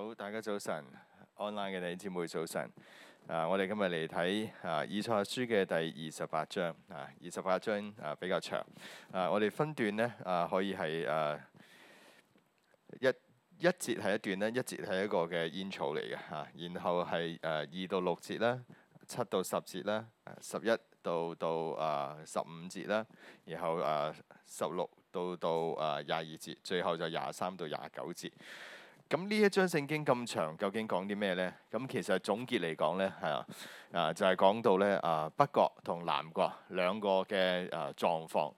好，大家早晨，Online 嘅弟兄姊妹早晨。啊，我哋今日嚟睇啊《以賽亞書》嘅第二十八章。啊，二十八章啊比較長。啊，我哋分段咧啊，可以係啊一一節係一段咧，一節係一,一,一個嘅煙草嚟嘅吓。然後係誒二到六節啦，七到十節啦，十一到到啊十五節啦，然後啊十六到到啊廿二節，最後就廿三到廿九節。咁呢一章聖經咁長，究竟講啲咩呢？咁其實總結嚟講呢，係啊啊，就係講到咧啊北國同南國兩個嘅啊狀況。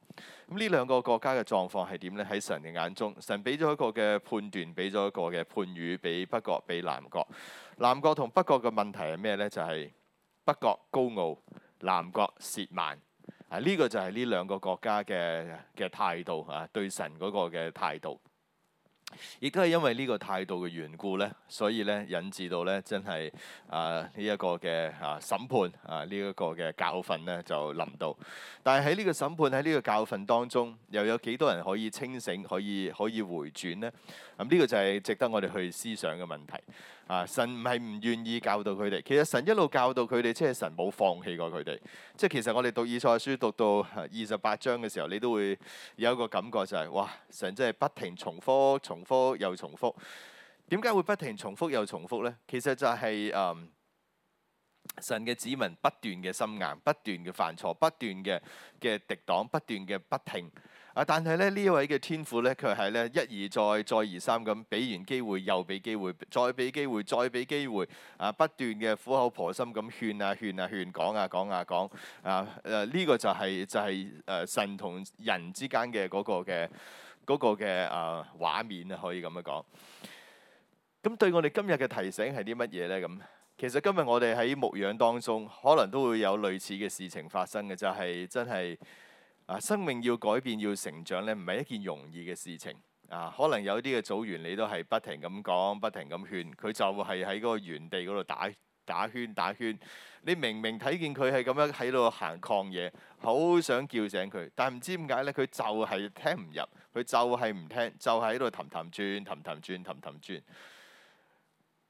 咁呢兩個國家嘅狀況係點呢？喺神嘅眼中，神俾咗一個嘅判斷，俾咗一個嘅判語俾北國，俾南國。南國同北國嘅問題係咩呢？就係北國高傲，南國褻慢。啊呢個就係呢兩個國家嘅嘅態度啊，對神嗰個嘅態度。亦都係因為呢個態度嘅緣故咧，所以咧引致到咧真係啊呢一個嘅啊審判啊呢一個嘅教訓咧就臨到。但係喺呢個審判喺呢個教訓當中，又有幾多人可以清醒，可以可以回轉呢？咁，嗯，呢個就係值得我哋去思想嘅問題。啊！神唔係唔願意教導佢哋，其實神一路教導佢哋，即係神冇放棄過佢哋。即係其實我哋讀以賽書讀到二十八章嘅時候，你都會有一個感覺就係、是、哇！神真係不停重複、重複又重複。點解會不停重複又重複呢？其實就係、是、誒、嗯、神嘅子民不斷嘅心硬，不斷嘅犯錯，不斷嘅嘅敵擋，不斷嘅不停。啊！但係咧呢一位嘅天父咧，佢係咧一而再、再而三咁俾完機會，又俾機會，再俾機會，再俾機會，啊！不斷嘅苦口婆心咁勸啊、勸啊、勸講啊、講啊、講啊！誒呢個就係就係誒神同人之間嘅嗰個嘅嗰個嘅啊畫面啊，可以咁樣講。咁對我哋今日嘅提醒係啲乜嘢咧？咁其實今日我哋喺牧養當中，可能都會有類似嘅事情發生嘅，就係真係。啊，生命要改變要成長咧，唔係一件容易嘅事情啊！可能有啲嘅組員你都係不停咁講，不停咁勸，佢就係喺嗰個原地嗰度打打圈打圈。你明明睇見佢係咁樣喺度行抗嘢，好想叫醒佢，但係唔知點解咧，佢就係聽唔入，佢就係唔聽，就喺度氹氹轉、氹氹轉、氹氹轉。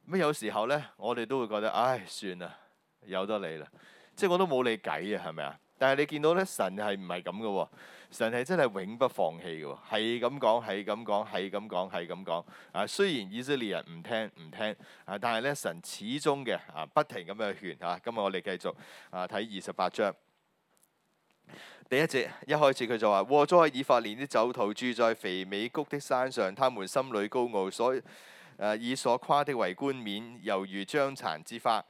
咁有時候咧，我哋都會覺得，唉，算啦，由得你啦，即係我都冇你計啊，係咪啊？但係你見到咧，神係唔係咁嘅喎？神係真係永不放棄嘅喎，啊，係咁講，係咁講，係咁講，係咁講。啊，雖然以色列人唔聽唔聽，啊，但係咧神始終嘅啊，不停咁樣勸啊。今日我哋繼續啊睇二十八章第一節，一開始佢就話：禍哉 以法蓮啲酒徒住在肥美谷的山上，他們心裡高傲，所、啊、以所誇的為冠冕，猶如將殘之花。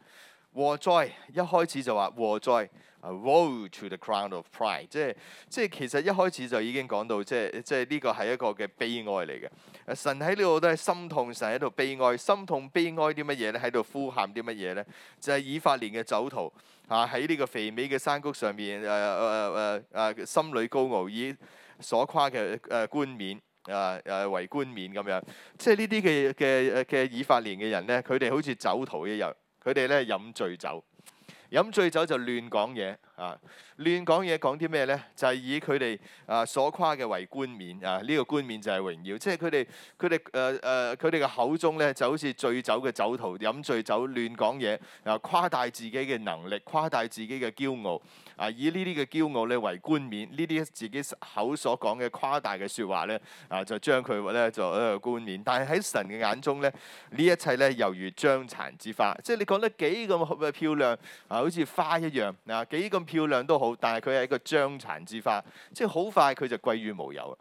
禍哉一開始就話禍哉。禍啊，woe to the crown of pride，即係即係其實一開始就已經講到，即係即係呢個係一個嘅悲哀嚟嘅。神喺呢度都係心痛，神喺度悲哀、心痛、悲哀啲乜嘢咧？喺度呼喊啲乜嘢咧？就係、是、以法蓮嘅酒徒啊，喺呢個肥美嘅山谷上面誒誒誒誒，心裡高傲以所誇嘅誒冠冕啊誒、啊、為冠冕咁樣。即係呢啲嘅嘅嘅以法蓮嘅人咧，佢哋好似酒徒一樣，佢哋咧飲醉酒。飲醉酒就亂講嘢啊！亂講嘢講啲咩咧？就係以佢哋啊所誇嘅為冠冕啊！呢個冠冕就係榮耀，即係佢哋佢哋誒誒佢哋嘅口中咧，就好似醉酒嘅酒徒，飲醉酒亂講嘢，啊誇大自己嘅能力，誇大自己嘅驕傲。啊！以呢啲嘅驕傲咧為冠冕，呢啲自己口所講嘅誇大嘅説話咧，啊就將佢咧就誒冠冕。但係喺神嘅眼中咧，呢一切咧猶如將殘之花，即係你講得幾咁誒漂亮啊，好似花一樣嗱，啊，幾咁漂亮都好，但係佢係一個將殘之花，即係好快佢就歸於無有啊！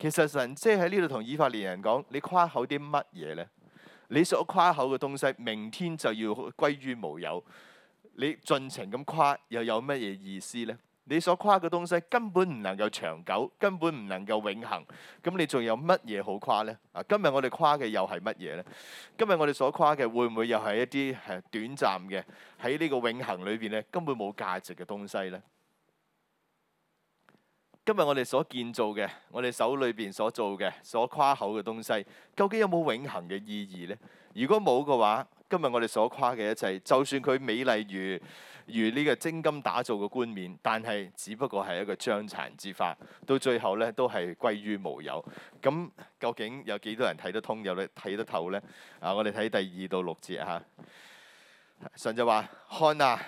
其實神即係喺呢度同以法蓮人講：你誇口啲乜嘢咧？你所誇口嘅東西，明天就要歸於無有。你盡情咁誇又有乜嘢意思呢？你所誇嘅東西根本唔能夠長久，根本唔能夠永恆。咁你仲有乜嘢好誇呢？啊，今日我哋誇嘅又係乜嘢呢？今日我哋所誇嘅會唔會又係一啲係短暫嘅？喺呢個永恆裏邊咧，根本冇價值嘅東西呢？今日我哋所建造嘅，我哋手裏邊所做嘅，所誇口嘅東西，究竟有冇永恆嘅意義呢？如果冇嘅話，今日我哋所誇嘅一切，就算佢美麗如如呢個精金打造嘅冠冕，但係只不過係一個將殘之花，到最後咧都係歸於無有。咁究竟有幾多人睇得通，有得睇得透呢？啊，我哋睇第二到六節嚇。神就話：看啊，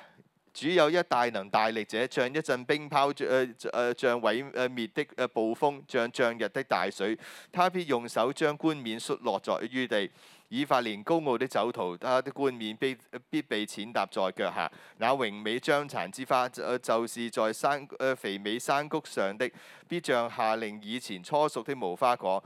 主有一大能大力者，像一陣冰雹，誒誒像毀誒滅的誒暴風，像漲溢的大水，他必用手將冠冕摔落在於地。以法蓮高傲的酒徒，他的冠冕必，必被踐踏在腳下。那榮美將殘之花、呃，就是在山、呃、肥美山谷上的，必像夏令以前初熟的無花果。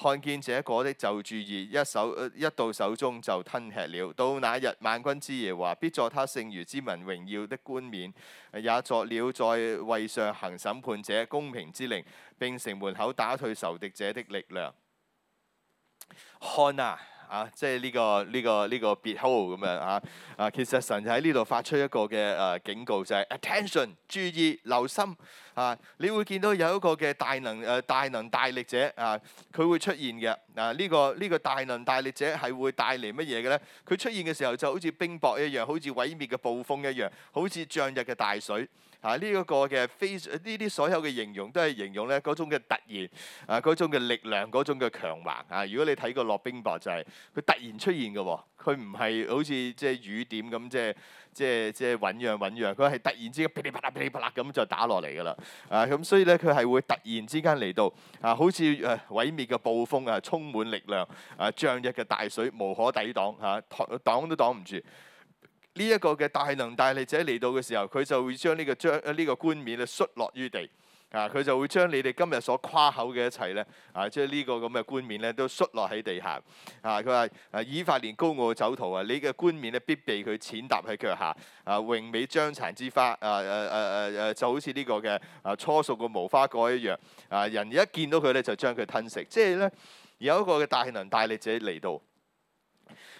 看見這果的就注意，一手、呃、一到手中就吞吃了。到那日萬軍之耶華必作他剩餘之民榮耀的冠冕，也作了在位上行審判者公平之靈，並城門口打退仇敵者的力量。看啊！啊，即係呢個呢個呢個別號咁樣啊，啊，其實神就喺呢度發出一個嘅誒警告，就係 attention，注意留心啊！你會見到有一個嘅大能誒大能大力者啊，佢會出現嘅啊！呢個呢個大能大力者係會帶嚟乜嘢嘅咧？佢出現嘅時候就好似冰雹一樣，好似毀滅嘅暴風一樣，好似漲溢嘅大水。啊！呢、這、一個嘅非呢啲所有嘅形容都係形容咧嗰種嘅突然啊，嗰種嘅力量，嗰種嘅強橫啊！如果你睇過落冰雹，就係、是、佢突然出現嘅喎，佢唔係好似即係雨點咁，即係即係即係醞釀醞釀，佢、就、係、是就是、突然之間噼里啪啦、噼里啪啦咁就打落嚟噶啦啊！咁所以咧，佢係會突然之間嚟到啊，好似誒、啊、毀滅嘅暴風啊，充滿力量啊，漲溢嘅大水無可抵擋嚇、啊，擋都擋唔住。呢一個嘅大能大力者嚟到嘅時候，佢就會將呢個將呢個冠冕咧摔落於地。啊，佢就會將你哋今日所誇口嘅一切咧，啊，即係呢個咁嘅冠冕咧，都摔落喺地下。啊，佢話：啊，以法蓮高傲嘅酒徒啊，你嘅冠冕咧必被佢踐踏喺腳下。啊，榮美將殘之花啊啊啊啊啊，就好似呢個嘅啊初熟嘅無花果一樣。啊，人一見到佢咧就將佢吞食。即係咧有一個嘅大能大力者嚟到。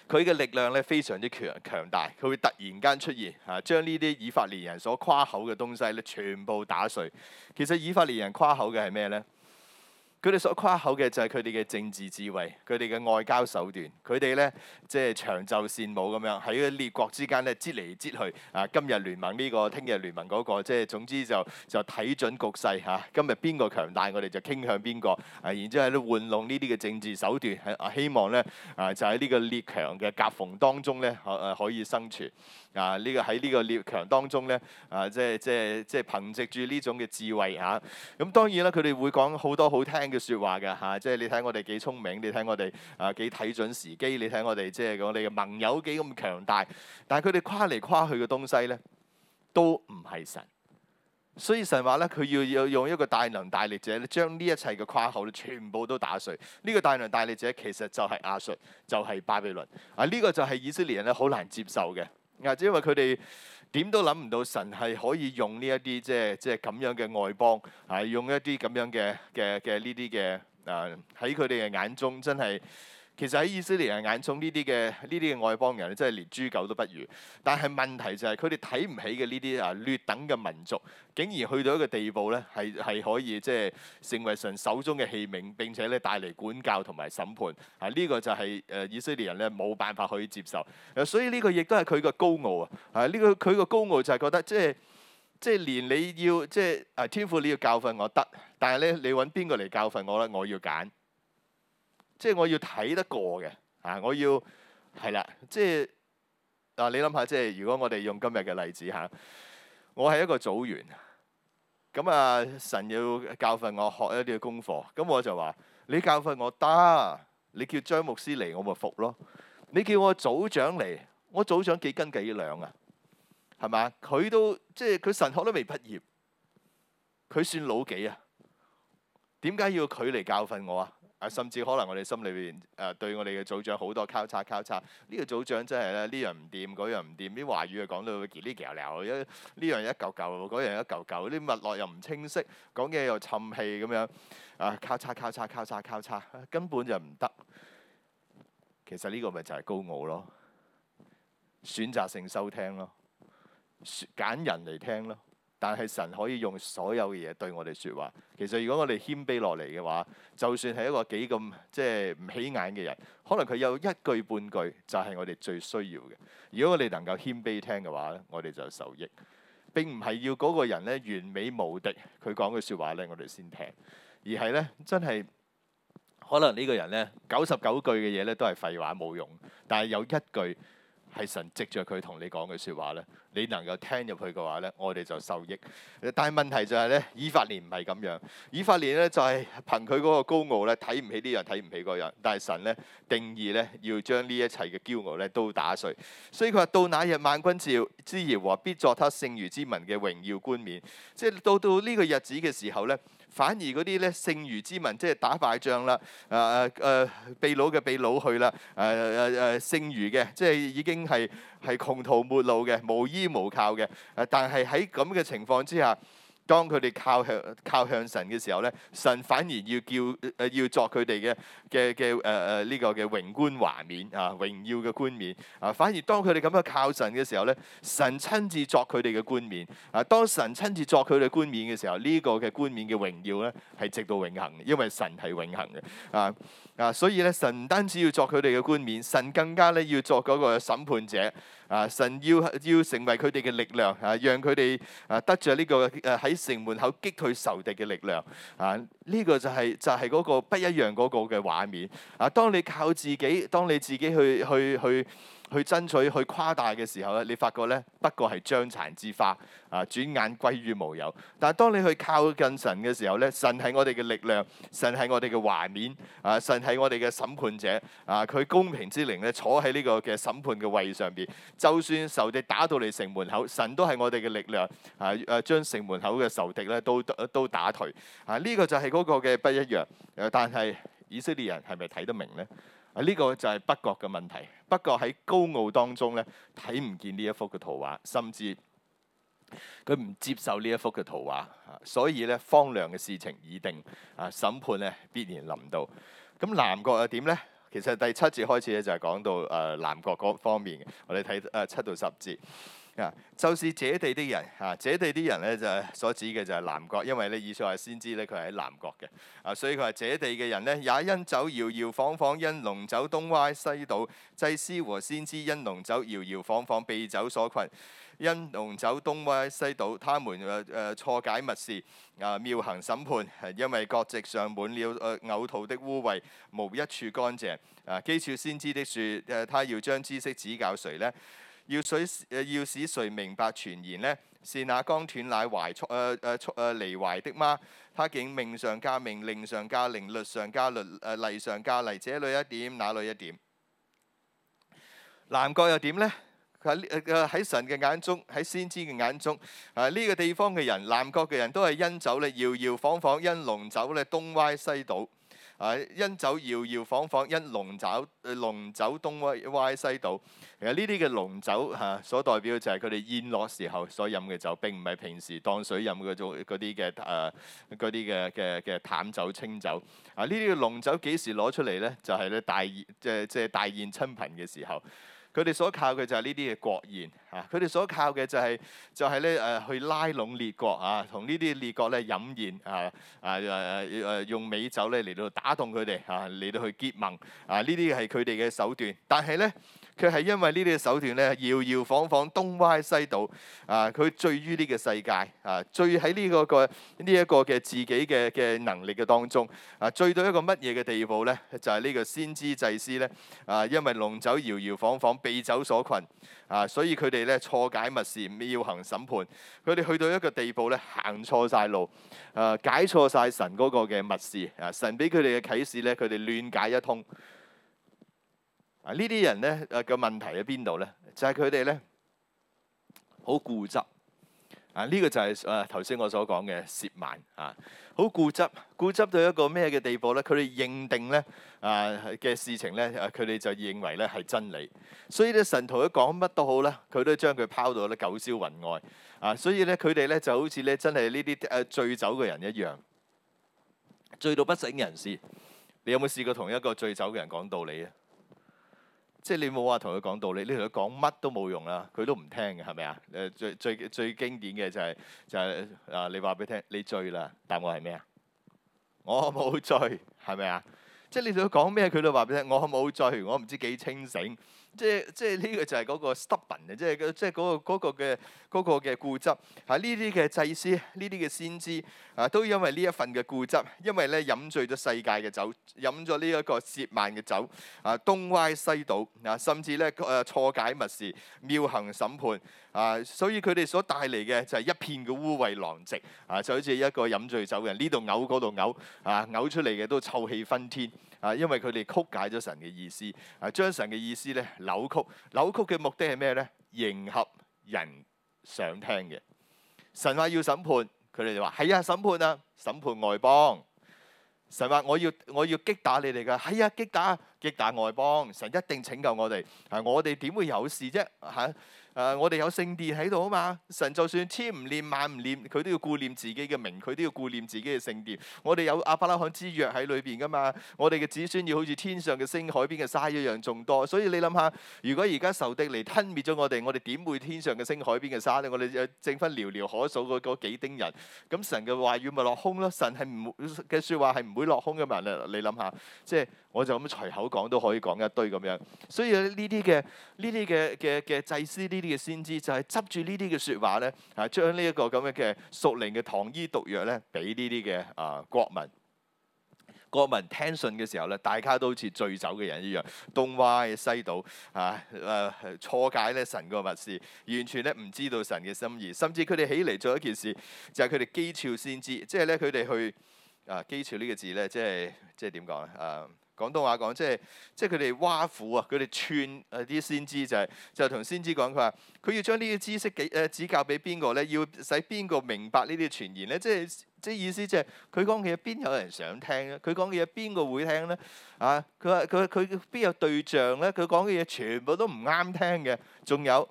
佢嘅力量呢非常之強強大，佢會突然間出現，嚇、啊、將呢啲以法蓮人所誇口嘅東西呢全部打碎。其實以法蓮人誇口嘅係咩呢？佢哋所誇口嘅就係佢哋嘅政治智慧，佢哋嘅外交手段，佢哋咧即係長袖善舞咁樣喺個列國之間咧擠嚟擠去，啊今日聯盟呢個，聽日聯盟嗰個，即係總之就就睇準局勢嚇啊，今日邊個強大，我哋就傾向邊個，啊然之後喺度玩弄呢啲嘅政治手段，啊希望咧啊就喺呢個列強嘅夾縫當中咧可誒可以生存。啊！呢、這個喺呢個列強當中咧，啊，即係即係即係憑藉住呢種嘅智慧嚇。咁、啊、當然啦，佢哋會講好多好聽嘅説話嘅嚇、啊。即係你睇我哋幾聰明，你睇我哋啊幾睇準時機，你睇我哋即係我哋嘅盟友幾咁強大。但係佢哋誇嚟誇去嘅東西咧，都唔係神。所以神話咧，佢要要用一個大能大力者咧，將呢一切嘅誇口咧全部都打碎。呢、這個大能大力者其實就係亞述，就係、是、巴比倫啊。呢、這個就係以色列人咧，好難接受嘅。因為佢哋點都諗唔到神係可以用呢一啲即係即係咁樣嘅外邦，係、啊、用一啲咁樣嘅嘅嘅呢啲嘅，啊喺佢哋嘅眼中真係。其實喺以色列人眼中，呢啲嘅呢啲嘅外邦人真係連豬狗都不如。但係問題就係佢哋睇唔起嘅呢啲啊劣等嘅民族，竟然去到一個地步咧，係係可以即係成為神手中嘅器皿，並且咧帶嚟管教同埋審判。啊，呢個就係誒呃以色列人咧冇辦法可以接受。所以呢個亦都係佢個高傲啊！呢個佢個高傲就係覺得即係即係連你要即係啊天父你要教訓我得，但係咧你揾邊個嚟教訓我咧？我要揀。即係我要睇得過嘅，啊！我要係啦，即係嗱、啊，你諗下，即係如果我哋用今日嘅例子嚇、啊，我係一個組員，咁啊，神要教訓我學一啲嘅功課，咁我就話：你教訓我得，你叫張牧師嚟，我咪服咯；你叫我組長嚟，我組長幾斤幾兩啊？係嘛？佢都即係佢神學都未畢業，佢算老幾啊？點解要佢嚟教訓我啊？啊，甚至可能我哋心裏邊，誒、呃、對我哋嘅組長好多交叉交叉，呢、這個組長真係咧，呢樣唔掂，嗰樣唔掂，啲華語塊塊塊塊塊塊又講到嘰哩嘰鬧鬧，呢樣一嚿嚿，嗰樣一嚿嚿，啲脈絡又唔清晰，講嘅又沉氣咁樣，啊交叉交叉交叉交叉，交叉，根本就唔得。其實呢個咪就係高傲咯，選擇性收聽咯，揀人嚟聽咯。但係神可以用所有嘅嘢對我哋説話。其實如果我哋謙卑落嚟嘅話，就算係一個幾咁即係唔起眼嘅人，可能佢有一句半句就係我哋最需要嘅。如果我哋能夠謙卑聽嘅話咧，我哋就受益。並唔係要嗰個人咧完美無敵，佢講嘅説話咧我哋先聽，而係咧真係可能呢個人咧九十九句嘅嘢咧都係廢話冇用，但係有一句。係神藉着佢同你講嘅説話咧，你能夠聽入去嘅話咧，我哋就受益。但係問題就係、是、咧，以法蓮唔係咁樣，以法蓮咧就係憑佢嗰個高傲咧，睇唔起呢樣睇唔起嗰樣。但係神咧，定義咧要將呢一切嘅驕傲咧都打碎。所以佢話到那日萬軍之耶和華必作他剩餘之民嘅榮耀冠冕，即係到到呢個日子嘅時候咧。反而嗰啲咧剩餘之民，即係打敗仗啦，誒誒誒，避佬嘅避佬去啦，誒誒誒，剩餘嘅即係已經係係窮途末路嘅，無依無靠嘅，啊，但係喺咁嘅情況之下。當佢哋靠向靠向神嘅時候咧，神反而要叫要作佢哋嘅嘅嘅誒誒呢個嘅榮冠華冕啊，榮耀嘅冠冕啊。反而當佢哋咁樣靠神嘅時候咧，神親自作佢哋嘅冠冕啊。當神親自作佢哋冠冕嘅時候，呢個嘅冠冕嘅榮耀咧係直到永恆嘅，因為神係永恆嘅啊啊。所以咧，神唔單止要作佢哋嘅冠冕，神更加咧要作嗰個審判者。啊！神要要成為佢哋嘅力量啊，讓佢哋啊得着呢、這個誒喺、啊、城門口擊退仇敵嘅力量啊！呢、這個就係、是、就係、是、嗰個不一樣嗰個嘅畫面啊！當你靠自己，當你自己去去去，去去爭取去誇大嘅時候咧，你發覺咧不過係將殘之花啊，轉眼歸於無有。但係當你去靠近神嘅時候咧，神係我哋嘅力量，神係我哋嘅華冕，啊，神係我哋嘅審判者啊，佢公平之靈咧坐喺呢個嘅審判嘅位上邊，就算仇敵打到你城門口，神都係我哋嘅力量啊！誒，將城門口嘅仇敵咧都都打退啊！呢、這個就係嗰個嘅不一樣。誒、啊，但係以色列人係咪睇得明咧？啊！呢、呢個就係北國嘅問題。北國喺高傲當中咧，睇唔見呢一幅嘅圖畫，甚至佢唔接受呢一幅嘅圖畫、啊。所以咧，荒涼嘅事情已定，啊，審判咧必然臨到。咁南國又點呢？其實第七節開始咧就係講到誒、呃、南國嗰方面。我哋睇誒七到十節。啊！就是這地的人啊，這地的人呢就係所指嘅就係南國，因為呢，以賽亞係先知呢，佢係喺南國嘅啊，所以佢話這地嘅人呢，也因酒搖搖晃晃，因濃酒東歪西倒，祭司和先知因濃酒搖搖晃晃，被酒所困，因濃酒東歪西倒，他們誒誒錯解默示啊，謬行審判，因為各席上滿了誒嘔吐的污穢，無一處乾淨啊！譏誚先知的説誒，他要將知識指教誰呢？要使誒要使誰明白傳言呢？是那剛斷奶懷誒誒誒離懷的嗎？他竟命上加命，令上加令，律上加律誒，例上加例，這裏一點，那裏一點。南國又點咧？喺誒喺神嘅眼中，喺先知嘅眼中，啊呢、這個地方嘅人，南國嘅人都係因酒咧搖搖晃晃，因龍走咧東歪西倒。啊！因酒搖搖晃晃，因濃酒濃酒東歪歪西倒。其實呢啲嘅濃酒嚇、啊，所代表就係佢哋宴樂時候所飲嘅酒，並唔係平時當水飲嘅嗰啲嘅誒啲嘅嘅嘅淡酒清酒。啊！呢啲濃酒幾時攞出嚟咧？就係、是、咧大宴即係即係大宴親朋嘅時候。佢哋所靠嘅就係呢啲嘅國宴啊！佢哋所靠嘅就係、係、就係咧誒去拉攏列國啊，同呢啲列國咧飲宴啊啊誒誒誒用美酒咧嚟到打動佢哋啊，嚟到去結盟啊，呢啲係佢哋嘅手段，但係咧。佢係因為呢啲嘅手段咧，搖搖晃晃，東歪西倒，啊！佢醉於呢個世界，啊！醉喺呢個個呢一個嘅自己嘅嘅能力嘅當中，啊！醉到一個乜嘢嘅地步咧？就係、是、呢個先知祭司咧，啊！因為濃酒搖搖晃晃，被酒所困，啊！所以佢哋咧錯解默示，謬行審判，佢哋去到一個地步咧，行錯晒路，啊！解錯晒神嗰個嘅默示，啊！神俾佢哋嘅啟示咧，佢哋亂解一通。啊！呢啲人咧，誒嘅問題喺邊度咧？就係佢哋咧，好固執。啊！呢個就係誒頭先我所講嘅褻慢。啊，好固執，固執到一個咩嘅地步咧？佢哋認定咧，啊嘅事情咧，佢哋就認為咧係真理。所以咧，神徒一講乜都好咧，佢都將佢拋到咧九霄雲外。啊，所以咧，佢哋咧就好似咧真係呢啲誒醉酒嘅人一樣，醉到不省人事。你有冇試過同一個醉酒嘅人講道理啊？即係你冇話同佢講道理，你同佢講乜都冇用啦，佢都唔聽嘅，係咪啊？誒最最最經典嘅就係就係啊！你話俾佢聽，你醉啦，答案係咩啊？我冇醉，係咪啊？即係你同佢講咩，佢都話俾你聽，我冇醉，我唔知幾清醒。即係即係呢個就係嗰個 stubborn 啊、那個，即係即係嗰個嘅嗰嘅固執。喺呢啲嘅祭司，呢啲嘅先知啊，都因為呢一份嘅固執，因為咧飲醉咗世界嘅酒，飲咗呢一個褻慢嘅酒啊，東歪西倒啊，甚至咧誒錯解默示、謬行審判啊，所以佢哋所帶嚟嘅就係一片嘅污穢狼藉啊，就好似一個飲醉酒嘅人，呢度嘔嗰度嘔啊，嘔出嚟嘅都臭氣熏天。啊，因為佢哋曲解咗神嘅意思，啊將神嘅意思咧扭曲，扭曲嘅目的係咩咧？迎合人想聽嘅。神話要審判，佢哋就話：係啊，審判啊，審判外邦。神話我要我要擊打你哋嘅，係啊，擊打擊打外邦。神一定拯救我哋，啊，我哋點會有事啫？嚇！誒、呃，我哋有聖殿喺度啊嘛！神就算千唔念、萬唔念，佢都要顧念自己嘅名，佢都要顧念自己嘅聖殿。我哋有亞伯拉罕之約喺裏邊噶嘛？我哋嘅子孫要好似天上嘅星、海邊嘅沙一樣眾多。所以你諗下，如果而家仇敵嚟吞滅咗我哋，我哋點會天上嘅星、海邊嘅沙咧？我哋淨翻寥寥可數嗰嗰幾丁人，咁、嗯、神嘅話語咪落空咯？神係唔嘅說話係唔會落空嘅嘛？你諗下，即、就、係、是、我就咁隨口講都可以講一堆咁樣。所以呢啲嘅呢啲嘅嘅嘅祭司啲。呢啲嘅先知就係、是、執住呢啲嘅説話咧，啊，將呢一個咁樣嘅熟靈嘅糖衣毒藥咧，俾呢啲嘅啊國民，國民聽信嘅時候咧，大家都好似醉酒嘅人一樣，東歪西倒，啊，誒、啊、錯解咧神個密事，完全咧唔知道神嘅心意，甚至佢哋起嚟做一件事，就係佢哋譏笑先知，即係咧佢哋去啊譏笑呢個字咧，即係即係點講咧啊？廣東話講，即係即係佢哋挖苦啊！佢哋串啊啲先知就係，就同先知講佢話，佢要將呢啲知識幾誒指教俾邊個咧？要使邊個明白呢啲傳言咧？即係即係意思即係，佢講嘅嘢邊有人想聽咧？佢講嘅嘢邊個會聽咧？啊！佢話佢佢邊有對象咧？佢講嘅嘢全部都唔啱聽嘅，仲有。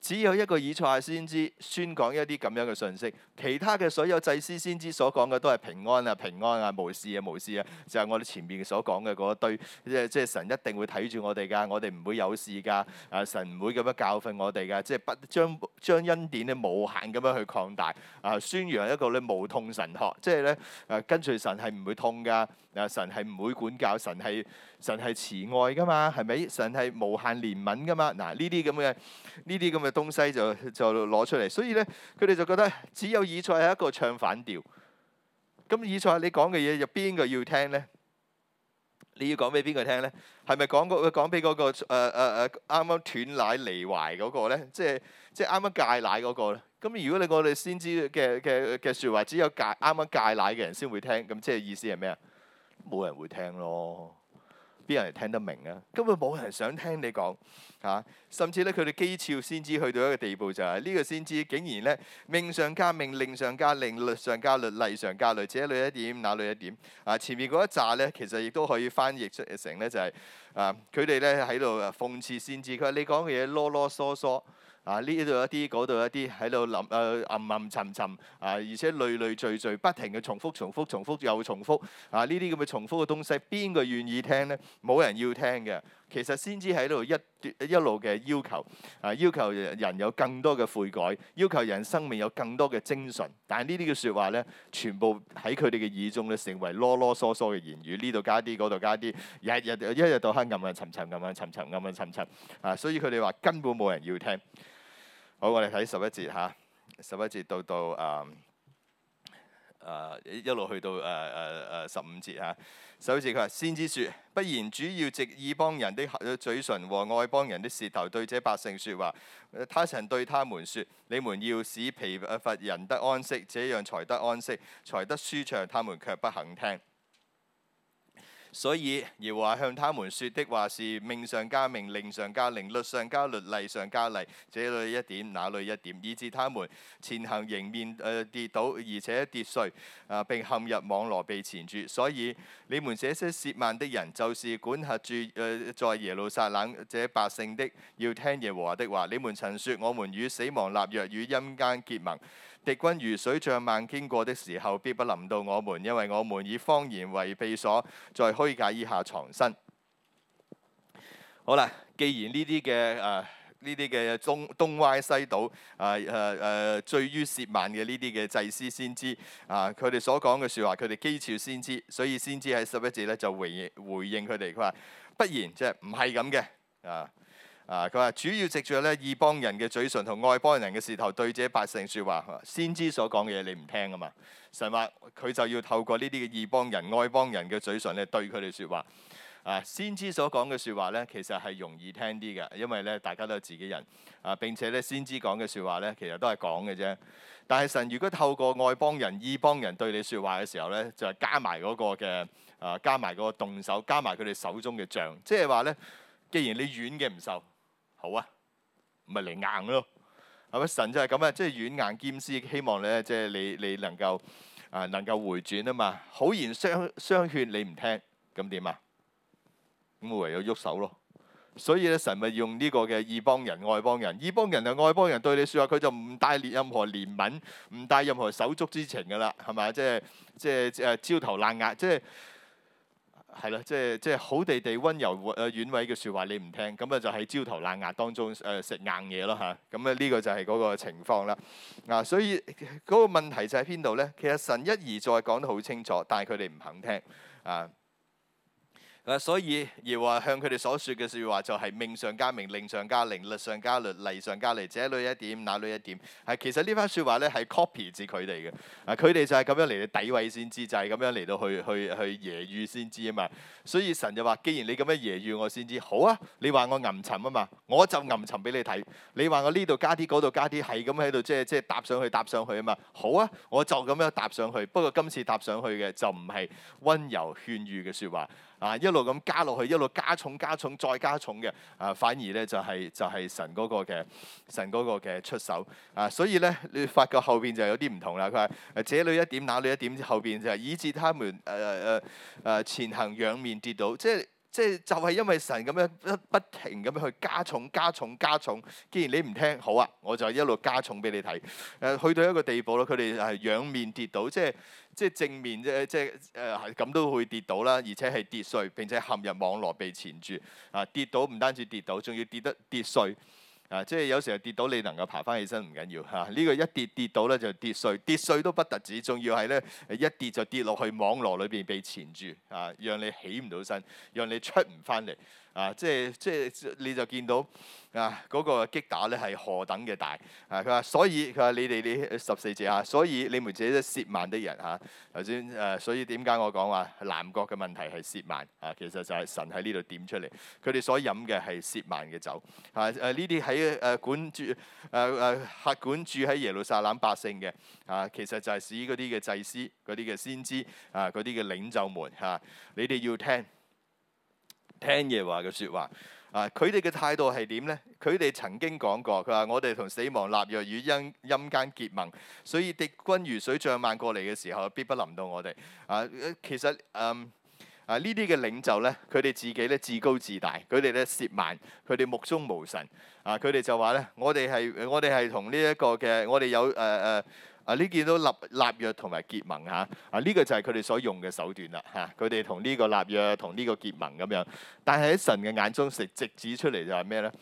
只有一個以賽亞先知宣講一啲咁樣嘅信息，其他嘅所有祭司先知所講嘅都係平安啊、平安啊、無事啊、無事啊，就係、是、我哋前面所講嘅嗰一堆，即係即係神一定會睇住我哋噶，我哋唔會有事噶，啊神唔會咁樣教訓我哋噶，即係不將將恩典咧無限咁樣去擴大啊，宣揚一個咧無痛神學，即係咧誒跟隨神係唔會痛噶。啊！神係唔會管教，神係神係慈愛噶嘛，係咪？神係無限憐憫噶嘛。啊！呢啲咁嘅呢啲咁嘅東西就就攞出嚟，所以咧佢哋就覺得只有以賽係一個唱反調。咁以賽，你講嘅嘢又邊個要聽咧？你要講俾邊個聽咧？係咪講個講俾嗰個誒誒誒啱啱斷奶離懷嗰個咧？即係即係啱啱戒奶嗰個咧？咁如果你我哋先知嘅嘅嘅説話，只有戒啱啱戒奶嘅人先會聽，咁即係意思係咩啊？冇人會聽咯，邊人聽得明啊？根本冇人想聽你講嚇、啊，甚至咧佢哋譏笑先知去到一個地步、就是，就係呢個先知竟然咧命上加命，令上加令，律上加律，例上加例，例，這裏一點，那裏一點啊！前面嗰一詐咧，其實亦都可以翻譯出成咧就係、是、啊，佢哋咧喺度諷刺先知，佢話你講嘅嘢囉囉嗦嗦。啊！呢度一啲，嗰度一啲，喺度諗誒，暗暗沉沉啊，而且累累贅贅，不停嘅重複、重複、重複又重複啊！呢啲咁嘅重複嘅東西，邊個願意聽咧？冇人要聽嘅。其實先知喺度一一路嘅要求啊，要求人有更多嘅悔改，要求人生命有更多嘅精神。但係呢啲嘅説話咧，全部喺佢哋嘅耳中咧，成為囉囉嗦嗦嘅言語。呢度加啲，嗰度加啲，日日一日到黑暗暗沉沉，暗暗沉沉，暗暗沉沉啊！所以佢哋話根本冇人要聽。好，我哋睇十一節嚇、啊啊啊，十一節到到誒誒一路去到誒誒誒十五節嚇。十一節佢話先知説：不然，主要藉異邦人的嘴唇和外邦人的舌頭對這百姓説話。他曾對他們説：你們要使疲乏人得安息，這樣才得安息，才得舒暢。他們卻不肯聽。所以，耶和華向他們説的話是命上加命、令上加令、律上加律例、例上加例，這裏一點那裏一點，以致他們前行迎面誒、呃、跌倒，而且跌碎啊、呃，並陷入網羅被纏住。所以，你們這些褻慢的人，就是管轄住誒、呃、在耶路撒冷這百姓的，要聽耶和華的話。你們曾説：我們與死亡立約，與陰間結盟。敵軍如水漲漫經過的時候，必不臨到我們，因為我們以謊言為避所，在虛假以下藏身。好啦，既然呢啲嘅誒，呢啲嘅東東歪西倒誒誒誒，醉於涉漫嘅呢啲嘅祭司先知啊，佢哋所講嘅説話，佢哋譏誚先知，所以先知喺十一節咧就回應回應佢哋，佢話：不然，即係唔係咁嘅啊？啊！佢話主要藉住咧異邦人嘅嘴唇同外邦人嘅舌頭對自己百姓説話。先知所講嘅嘢你唔聽啊嘛！神話佢就要透過呢啲嘅異邦人、外邦人嘅嘴唇咧對佢哋説話。啊！先知所講嘅説話咧，其實係容易聽啲嘅，因為咧大家都係自己人啊。並且咧先知講嘅説話咧，其實都係講嘅啫。但係神如果透過外邦人、異邦人對你説話嘅時候咧，就係加埋嗰個嘅啊，加埋嗰個動手，加埋佢哋手中嘅杖。即係話咧，既然你軟嘅唔受。好啊，咪嚟硬咯，係咪？神就係咁啊，即係軟硬兼施，希望咧，即係你你能夠啊、呃、能夠回轉啊嘛。好言相相勸你唔聽，咁點啊？咁唯有喐手咯。所以咧，神咪用呢個嘅異邦人外邦人，異邦人就外邦人對你説話，佢就唔帶任何憐憫，唔帶任何手足之情噶啦，係咪啊？即係即係即係焦頭爛額，即係。係啦，即係即係好地地溫柔誒，婉委嘅說話你唔聽，咁啊就喺焦頭爛額當中誒食硬嘢咯吓，咁啊呢個就係嗰個情況啦。嗱、啊，所以嗰個問題就喺邊度咧？其實神一而再講得好清楚，但係佢哋唔肯聽啊。嗱，所以而話向佢哋所說嘅説話就係命上加命，令上加令，律上加律，例上加例，這裏一點，那裏一點。係其實番說呢番説話咧係 copy 自佢哋嘅。啊，佢哋就係咁樣嚟到詆毀先知，就係、是、咁樣嚟到去去去揶揄先知啊嘛。所以神就話：既然你咁樣揶揄我先知，好啊，你話我吟沉啊嘛，我就吟沉俾你睇。你話我呢度加啲，嗰度加啲，係咁喺度即係即係搭上去，搭上去啊嘛。好啊，我就咁樣搭上去。不過今次搭上去嘅就唔係温柔勸喻嘅説話。啊，一路咁加落去，一路加重加重再加重嘅，啊，反而咧就係就係神嗰個嘅神嗰個嘅出手啊，所以咧你發覺後邊就有啲唔同啦。佢話這裏一點，那裏一點，後邊就以致他們誒誒誒前行仰面跌倒，即係。即係就係因為神咁樣不不停咁樣去加重加重加重，既然你唔聽，好啊，我就一路加重俾你睇。誒、呃，去到一個地步咯，佢哋係仰面跌倒，即係即係正面即即誒，咁、呃、都會跌倒啦，而且係跌碎，並且陷入網羅被纏住。啊，跌倒唔單止跌倒，仲要跌得跌碎。啊！即係有時候跌到你能夠爬翻起身唔緊要嚇，呢個一跌跌到咧就跌碎，跌碎都不特止，仲要係咧一跌就跌落去網絡裏邊被纏住嚇，讓你起唔到身，讓你出唔翻嚟。啊，即係即係，你就見到啊嗰、那個擊打咧係何等嘅大啊！佢話所以佢話你哋你，你十四節啊，所以你們自己都褻慢的人嚇，頭先誒，所以點解、啊、我講話南國嘅問題係褻慢啊？其實就係神喺呢度點出嚟，佢哋所飲嘅係褻慢嘅酒啊！誒呢啲喺誒管、啊啊、住誒誒轄管住喺耶路撒冷百姓嘅啊，其實就係使嗰啲嘅祭司、嗰啲嘅先知啊、嗰啲嘅領袖們嚇、啊，你哋要聽。啊啊聽野話嘅說話，啊！佢哋嘅態度係點咧？佢哋曾經講過，佢話我哋同死亡立約，與陰陰間結盟，所以敵軍如水漲漫過嚟嘅時候，必不臨到我哋。啊，其實嗯啊呢啲嘅領袖咧，佢哋自己咧自高自大，佢哋咧褻慢，佢哋目中無神。啊！佢哋就話咧，我哋係我哋係同呢一個嘅，我哋有誒誒。呃呃啊！呢見到立立約同埋結盟嚇，啊呢、啊這個就係佢哋所用嘅手段啦嚇。佢哋同呢個立約同呢個結盟咁樣、啊，但係喺神嘅眼中，直直指出嚟就係咩咧？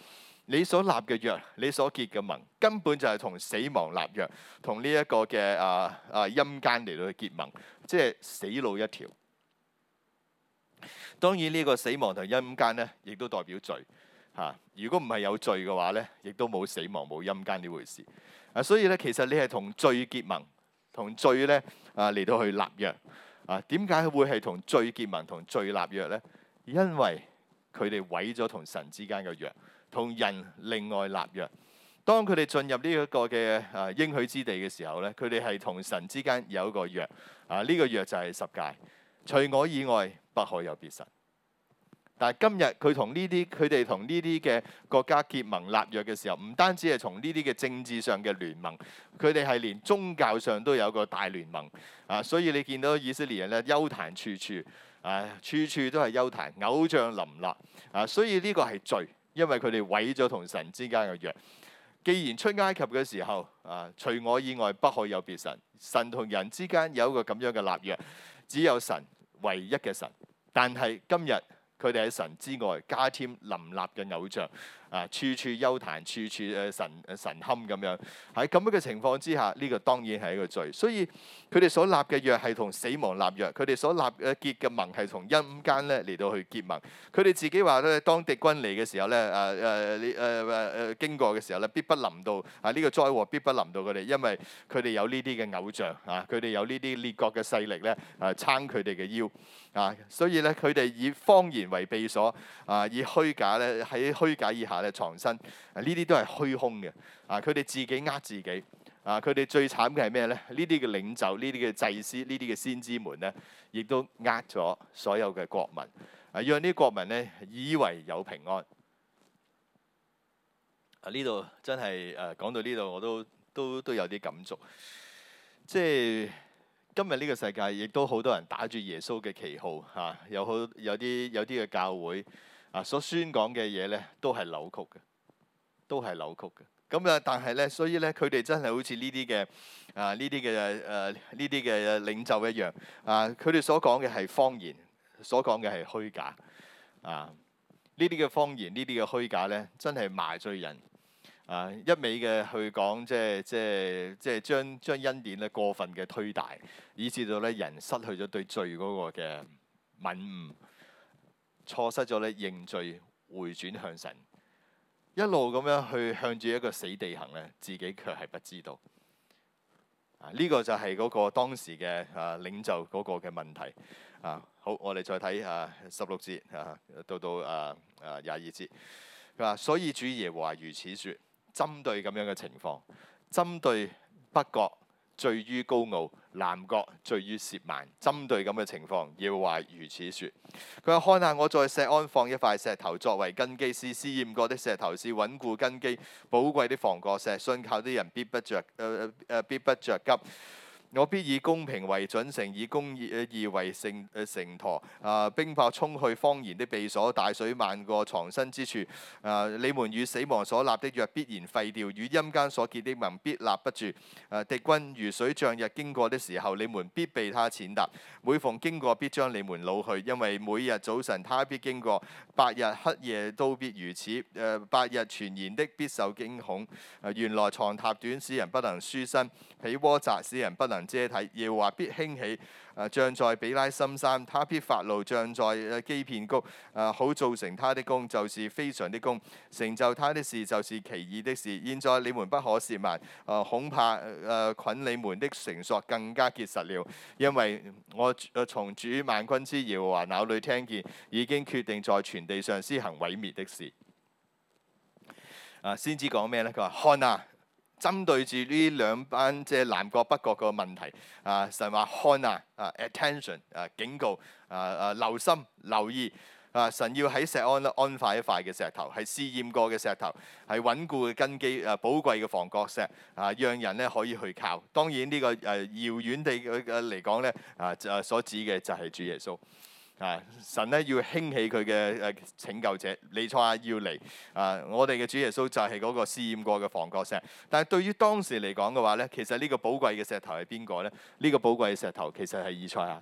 你所立嘅約，你所結嘅盟，根本就係同死亡立約，同呢一個嘅啊啊陰間嚟到去結盟，即係死路一條。當然呢個死亡同陰間咧，亦都代表罪嚇、啊。如果唔係有罪嘅話咧，亦都冇死亡冇陰間呢回事。啊，所以咧，其實你係同罪結盟，同罪咧啊嚟到去立約啊，點解會係同罪結盟、同罪立約咧？因為佢哋毀咗同神之間嘅約，同人另外立約。當佢哋進入呢一個嘅啊應許之地嘅時候咧，佢哋係同神之間有一個約啊，呢個約就係十戒，除我以外，不可有別神。但係今日佢同呢啲佢哋同呢啲嘅國家結盟立約嘅時候，唔單止係同呢啲嘅政治上嘅聯盟，佢哋係連宗教上都有個大聯盟啊。所以你見到以色列人咧，邱壇處處啊，處處都係邱壇，偶像林立啊。所以呢個係罪，因為佢哋毀咗同神之間嘅約。既然出埃及嘅時候啊，除我以外不可有別神，神同人之間有一個咁樣嘅立約，只有神唯一嘅神。但係今日。佢哋喺神之外，加添林立嘅偶像。啊！處處幽壇，處處誒、呃、神神龕咁樣，喺咁樣嘅情況之下，呢、這個當然係一個罪。所以佢哋所立嘅約係同死亡立約，佢哋所立的結嘅盟係同陰間咧嚟到去結盟。佢哋自己話咧，當敵軍嚟嘅時候咧，誒誒誒誒誒經過嘅時候咧，必不臨到啊！呢、這個災禍必不臨到佢哋，因為佢哋有呢啲嘅偶像啊，佢哋有呢啲列國嘅勢力咧誒、啊、撐佢哋嘅腰啊，所以咧佢哋以謊言為避所啊，以虛假咧喺虛假以下。嘅藏身，啊呢啲都係虛空嘅，啊佢哋自己呃自己，啊佢哋最慘嘅係咩咧？呢啲嘅領袖、呢啲嘅祭司、呢啲嘅先知們咧，亦都呃咗所有嘅國民，啊讓啲國民咧以為有平安。啊呢度真係誒、啊、講到呢度，我都都都，都有啲感觸，即係今日呢個世界亦都好多人打住耶穌嘅旗號嚇、啊，有好有啲有啲嘅教會。啊，所宣講嘅嘢咧，都係扭曲嘅，都係扭曲嘅。咁啊，但係咧，所以咧，佢哋真係好似呢啲嘅啊，呢啲嘅誒，呢啲嘅領袖一樣啊，佢哋所講嘅係謊言，所講嘅係虛假啊，呢啲嘅謊言，呢啲嘅虛假咧，真係麻醉人啊，一味嘅去講，即係即係即係將將恩典咧過分嘅推大，以致到咧人失去咗對罪嗰個嘅敏悟。錯失咗咧認罪回轉向神，一路咁樣去向住一個死地行咧，自己卻係不知道啊。呢、這個就係嗰個當時嘅啊領袖嗰個嘅問題啊。好，我哋再睇下十六節啊，節啊到到啊啊廿二節，佢話所以主耶和華如此說，針對咁樣嘅情況，針對北國。罪於高傲，南國罪於褻慢。針對咁嘅情況，要話如此説。佢話：看下我在石安放一塊石頭作為根基，試試驗過啲石頭是穩固根基，寶貴的房角石，信靠啲人必不著，誒誒誒，必不著急。我必以公平為準繩，以公義二、呃、為成線鉈。啊、呃！冰雹沖去，謊言的避所，大水漫過藏身之處。啊、呃！你們與死亡所立的約必然廢掉，與陰間所結的盟必立不住。誒，敵軍如水漲日經過的時候，你們必被他踐踏。每逢經過，必將你們擄去，因為每日早晨他必經過，白日黑夜都必如此。誒、呃、百日傳言的必受驚恐。呃、原來床榻短使人不能舒身，被窩窄使人不能。借體，耶和華必興起；啊，像在比拉深山，他必發怒；像在、啊、基遍谷，啊，好造成他的工，就是非常的工，成就他的事，就是奇異的事。現在你們不可褻慢，啊，恐怕啊，綑你們的繩索更加結實了，因為我從主萬軍之耶和華那裡聽見，已經決定在全地上施行毀滅的事。啊，先知講咩呢？佢話看啊！針對住呢兩班即係南國北國嘅問題，啊，神話看啊，啊 attention 啊，警告啊，啊留心留意啊，神要喺錫安安放一塊嘅石頭，係試驗過嘅石頭，係穩固嘅根基啊，寶貴嘅房角石啊，讓人咧可以去靠。當然呢、這個誒、啊、遙遠地嘅嚟講咧啊，誒所指嘅就係主耶穌。啊！神咧要興起佢嘅誒拯救者，以賽亞要嚟啊！我哋嘅主耶穌就係嗰個試驗過嘅防角石，但係對於當時嚟講嘅話咧，其實呢個寶貴嘅石頭係邊個咧？呢、呢個寶貴嘅石頭其實係以賽亞。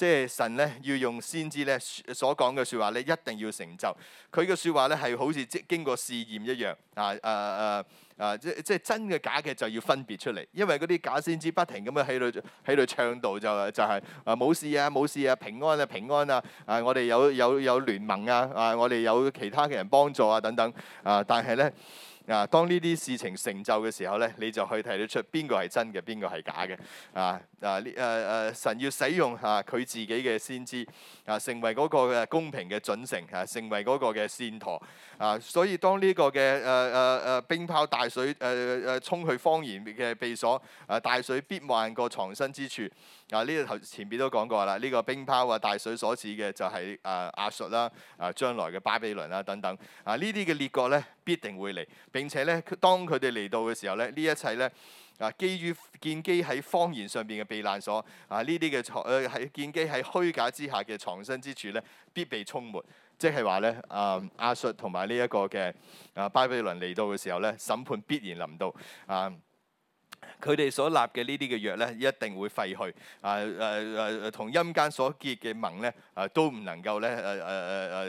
即係神咧要用先知咧所講嘅説話咧，一定要成就。佢嘅説話咧係好似即經過試驗一樣啊！誒誒誒，即即真嘅假嘅就要分別出嚟。因為嗰啲假先知不停咁樣喺度喺度唱導，就是，就就係啊冇事啊冇事啊平安啊平安啊啊！我哋有有有聯盟啊啊！我哋有其他嘅人幫助啊等等啊！但係咧。啊！當呢啲事情成就嘅時候咧，你就可以睇得出邊個係真嘅，邊個係假嘅。啊啊！誒、啊、誒，神要使用啊，佢自己嘅先知啊，成為嗰個嘅公平嘅準繩啊，成為嗰個嘅線鉈。啊。所以當呢個嘅誒誒誒，冰雹大水誒誒，沖去謊言嘅避所啊，大、啊、水必漫過藏身之處。啊！呢個頭前邊都講過啦，呢、這個冰雹啊、大水所指嘅就係啊亞述啦、啊將來嘅巴比倫啦、啊、等等。啊呢啲嘅列國咧必定會嚟，並且咧當佢哋嚟到嘅時候咧，呢一切咧啊基於建基喺方言上邊嘅避難所啊呢啲嘅藏喺建基喺虛假之下嘅藏身之處咧必被沖沒。即係話咧啊亞述同埋呢一個嘅啊巴比倫嚟到嘅時候咧，審判必然臨到啊。佢哋所立嘅呢啲嘅約咧，一定會廢去。啊誒誒，同陰間所結嘅盟咧，啊都唔能夠咧誒誒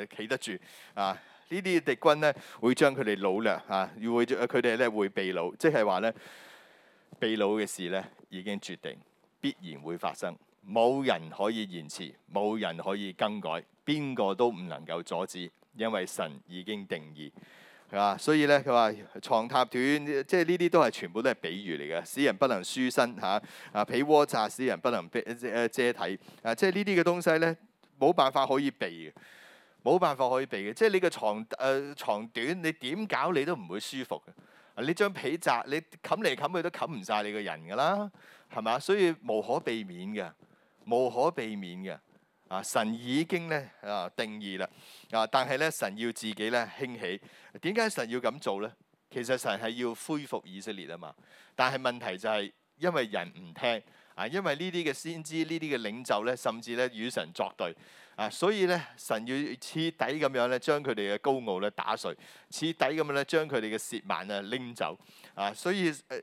誒誒企得住。啊敵呢啲敵軍咧，會將佢哋擄掠啊，會佢哋咧會被擄，即係話咧被擄嘅事咧已經決定，必然會發生，冇人可以延遲，冇人可以更改，邊個都唔能夠阻止，因為神已經定義。係嘛？所以咧，佢話床榻短，即係呢啲都係全部都係比喻嚟嘅。使人不能舒身嚇，啊被窩窄，使人不能遮、呃、遮體。啊，即係呢啲嘅東西咧，冇辦法可以避嘅，冇辦法可以避嘅。即係你嘅床誒牀、呃、短，你點搞你都唔會舒服嘅。你張被窄，你冚嚟冚去都冚唔晒你個人㗎啦，係嘛？所以無可避免嘅，無可避免嘅。啊！神已經咧啊定義啦啊，但係咧神要自己咧興起。點解神要咁做咧？其實神係要恢復以色列啊嘛。但係問題就係因為人唔聽啊，因為呢啲嘅先知、呢啲嘅領袖咧，甚至咧與神作對啊，所以咧神要徹底咁樣咧將佢哋嘅高傲咧打碎，徹底咁樣咧將佢哋嘅褻慢啊拎走啊。所以誒誒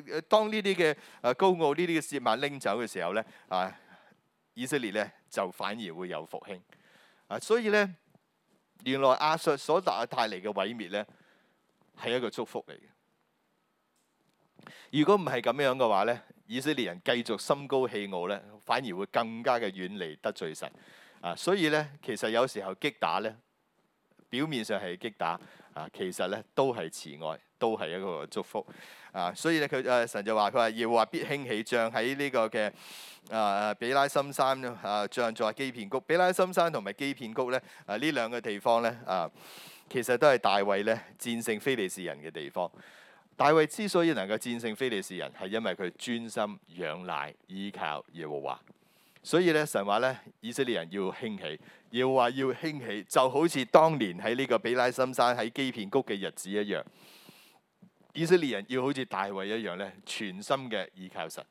誒誒，當呢啲嘅啊高傲、呢啲嘅褻慢拎走嘅時候咧啊。以色列咧就反而會有復興啊，所以咧原來亞述所帶帶嚟嘅毀滅咧係一個祝福嚟嘅。如果唔係咁樣嘅話咧，以色列人繼續心高氣傲咧，反而會更加嘅遠離得罪神啊。所以咧，其實有時候擊打咧，表面上係擊打啊，其實咧都係慈愛。都係一個祝福啊！所以咧，佢、啊、誒神就話：佢話要話必興起，將喺呢個嘅誒、啊、比拉心山啊，將在基遍谷。比拉心山同埋基遍谷咧，誒呢兩個地方咧啊，其實都係大衛咧戰勝非利士人嘅地方。大衛之所以能夠戰勝非利士人，係因為佢專心仰賴依靠耶和華。所以咧，神話咧，以色列人要興起，要話要興起，就好似當年喺呢個比拉心山喺基遍谷嘅日子一樣。以色列人要好似大衛一樣咧，全心嘅倚靠神。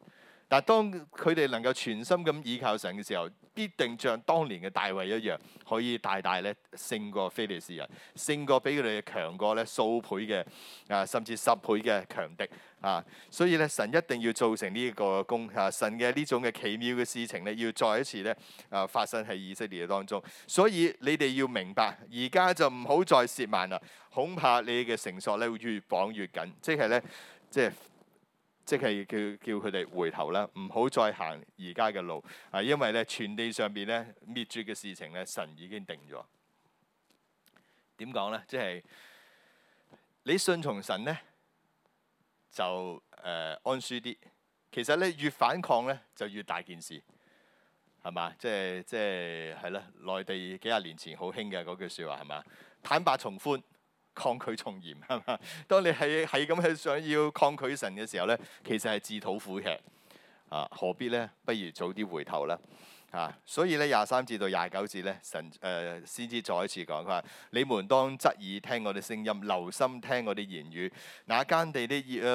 但係當佢哋能夠全心咁倚靠神嘅時候，必定像當年嘅大衛一樣，可以大大咧勝過非利士人，勝過比佢哋強過咧數倍嘅啊，甚至十倍嘅強敵。啊！所以咧，神一定要造成呢一個工吓，啊，神嘅呢種嘅奇妙嘅事情咧，要再一次咧啊發生喺以色列當中。所以你哋要明白，而家就唔好再褻慢啦，恐怕你嘅繩索咧會越綁越緊，即係咧即係即係叫叫佢哋回頭啦，唔好再行而家嘅路啊！因為咧全地上邊咧滅絕嘅事情咧，神已經定咗。點講咧？即係你信從神咧。就誒、呃、安舒啲，其實咧越反抗咧就越大件事，係嘛？即係即係係啦，內地幾廿年前好興嘅嗰句説話係嘛？坦白從寬，抗拒從嚴係嘛？當你係係咁去想要抗拒神嘅時候咧，其實係自討苦吃啊！何必咧？不如早啲回頭啦。啊！所以咧，廿三至到廿九節咧，神誒、呃、先知再一次講：佢話，你們當側耳聽我啲聲音，留心聽我啲言語。那耕地的耶誒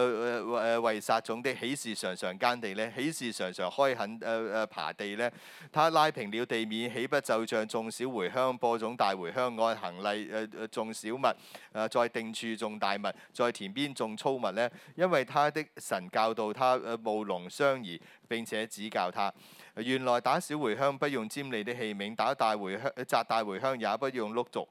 誒誒為殺種的喜事常常耕地咧，喜事常常開墾誒誒耙地咧。他拉平了地面，豈不就像種小茴香、播種大茴香？愛行犁誒誒種小物，誒、呃、再定處種大物，在田邊種粗物咧，因為他的神教導他誒務農相宜，並且指教他。原來打小茴香不用尖利的器皿，打大茴香、扎大茴香也不用碌碡，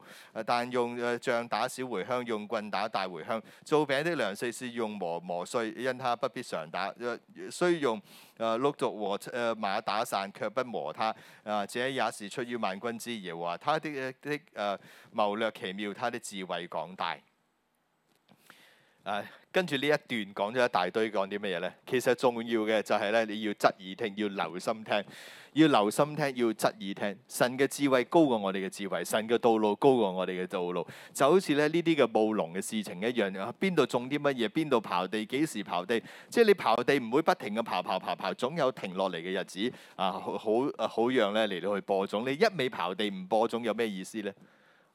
但用杖打小茴香，用棍打大茴香。做餅的糧食是用磨磨碎，因他不必常打、呃，需用碌碡和、呃、馬打散，卻不磨他。啊、呃，這也是出於萬軍之耶和華，他的的誒、呃、謀略奇妙，他的智慧廣大。誒、哎。跟住呢一段講咗一大堆，講啲乜嘢咧？其實重要嘅就係、是、咧，你要側耳聽，要留心聽，要留心聽，要側耳聽。神嘅智慧高過我哋嘅智慧，神嘅道路高過我哋嘅道路。就好似咧呢啲嘅暴農嘅事情一樣，邊、啊、度種啲乜嘢，邊度刨地，幾時刨地。即係你刨地唔會不停咁刨刨刨刨，總有停落嚟嘅日子。啊，好好好讓咧嚟到去播種。你一味刨地唔播種，有咩意思咧？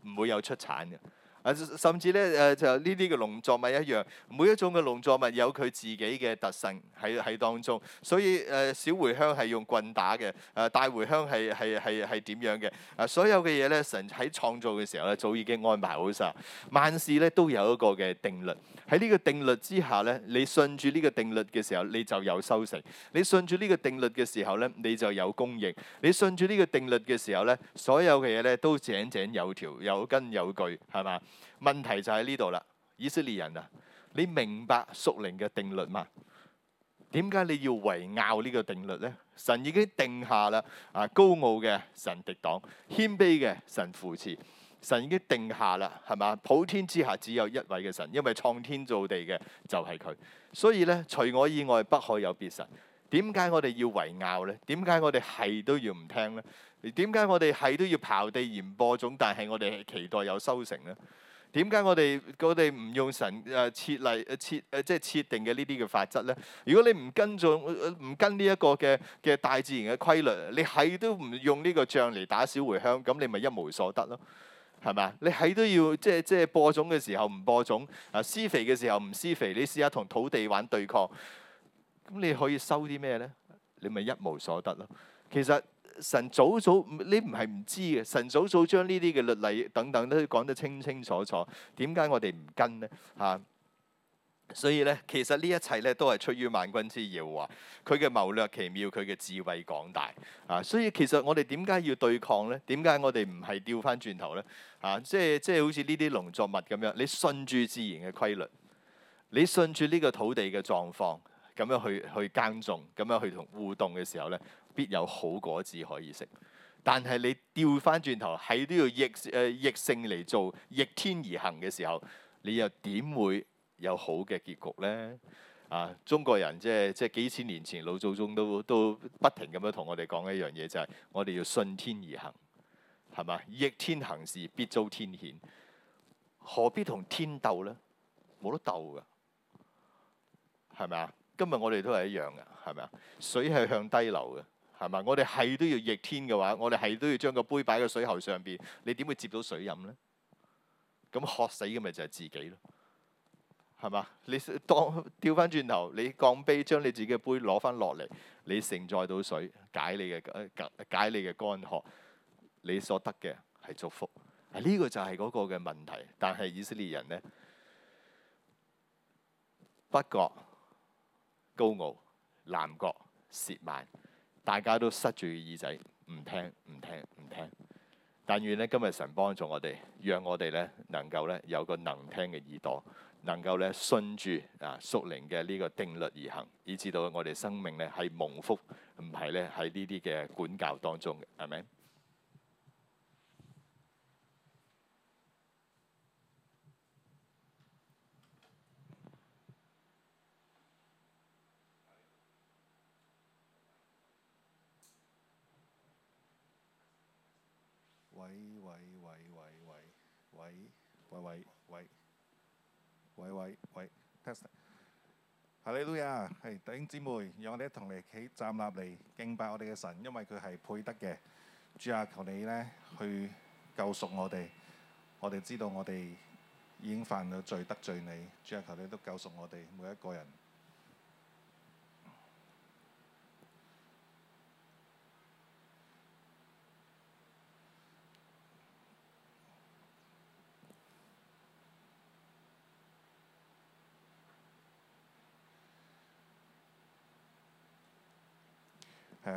唔會有出產嘅。啊、甚至咧，誒、呃、就呢啲嘅農作物一樣，每一種嘅農作物有佢自己嘅特性喺喺當中，所以誒、呃、小茴香係用棍打嘅，誒、呃、大茴香係係係係點樣嘅？啊，所有嘅嘢咧，神喺創造嘅時候咧，早已經安排好晒。萬事咧都有一個嘅定律。喺呢個定律之下咧，你順住呢個定律嘅時候，你就有收成；你順住呢個定律嘅時候咧，你就有供應；你順住呢個定律嘅時候咧，所有嘅嘢咧都井井有條，有根有據，係嘛？問題就喺呢度啦！以色列人啊，你明白屬靈嘅定律嗎？點解你要違拗呢個定律呢？神已經定下啦，啊高傲嘅神抵擋，謙卑嘅神扶持。神已經定下啦，係嘛？普天之下只有一位嘅神，因為創天造地嘅就係佢。所以呢，除我以外我不可有別神。點解我哋要違拗呢？點解我哋係都要唔聽呢？點解我哋係都要刨地而播種，但係我哋期待有收成呢？點解我哋我哋唔用神誒設例設誒即係設定嘅呢啲嘅法則咧？如果你唔跟從唔跟呢一個嘅嘅大自然嘅規律，你喺都唔用呢個杖嚟打小茴香，咁你咪一無所得咯？係咪啊？你喺都要即係即係播種嘅時候唔播種，啊施肥嘅時候唔施肥，你試下同土地玩對抗，咁你可以收啲咩咧？你咪一無所得咯。其實。神早早你唔係唔知嘅，神早早將呢啲嘅律例等等都講得清清楚楚。點解我哋唔跟呢？嚇、啊，所以咧，其實呢一切咧都係出於萬軍之耶和華啊！佢嘅謀略奇妙，佢嘅智慧廣大啊！所以其實我哋點解要對抗咧？點解我哋唔係調翻轉頭咧？嚇、啊，即係即係好似呢啲農作物咁樣，你順住自然嘅規律，你順住呢個土地嘅狀況，咁樣去去耕種，咁樣去同互動嘅時候咧。必有好果子可以食，但係你調翻轉頭喺呢個逆誒逆性嚟做逆天而行嘅時候，你又點會有好嘅結局呢？啊！中國人即係即係幾千年前老祖宗都都不停咁樣同我哋講一樣嘢、就係，就係我哋要順天而行，係嘛？逆天行事必遭天譴，何必同天鬥呢？冇得鬥噶，係咪啊？今日我哋都係一樣嘅，係咪啊？水係向低流嘅。係咪？我哋係都要逆天嘅話，我哋係都要將個杯擺喺個水喉上邊。你點會接到水飲呢？咁渴死嘅咪就係自己咯。係嘛？你當掉翻轉頭，你降杯將你自己嘅杯攞翻落嚟，你盛載到水解你嘅解你嘅乾渴，你所得嘅係祝福。啊！呢個就係嗰個嘅問題。但係以色列人呢，北國高傲，南國褻慢。大家都塞住耳仔，唔聽，唔聽，唔聽。但願咧今日神幫助我哋，讓我哋咧能夠咧有個能聽嘅耳朵，能夠咧順住啊屬靈嘅呢個定律而行，以致到我哋生命咧係蒙福，唔係咧喺呢啲嘅管教當中嘅。阿們。喂喂喂喂喂喂喂喂喂喂喂！哈利路亞，係弟兄姊妹，讓我哋一同嚟起站立嚟敬拜我哋嘅神，因為佢係配得嘅。主啊，求你咧去救贖我哋，我哋知道我哋已經犯咗罪得罪你。主啊，求你都救贖我哋每一個人。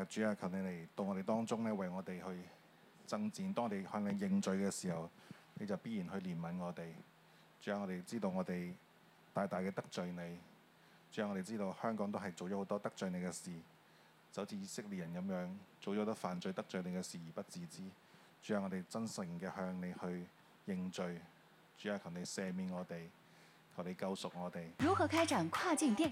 主啊，求你嚟到我哋當中咧，為我哋去爭戰。當我哋向你認罪嘅時候，你就必然去憐憫我哋。主啊，我哋知道我哋大大嘅得罪你。主啊，我哋知道香港都係做咗好多得罪你嘅事，就好似以色列人咁樣做咗好多犯罪得罪你嘅事而不自知。主啊，我哋真誠嘅向你去認罪。主啊，求你赦免我哋，求你救贖我哋。如何開展跨境電？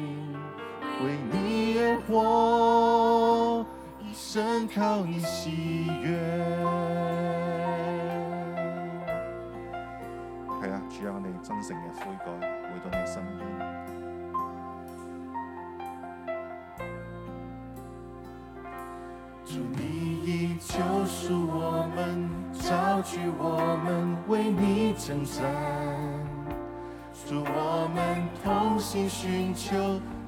為你而活，一生靠你喜悅。係 啊，主啊，你真誠嘅悔改回到你身邊。祝你以救贖我們，召聚我們，為你稱讚。祝我們同心尋求。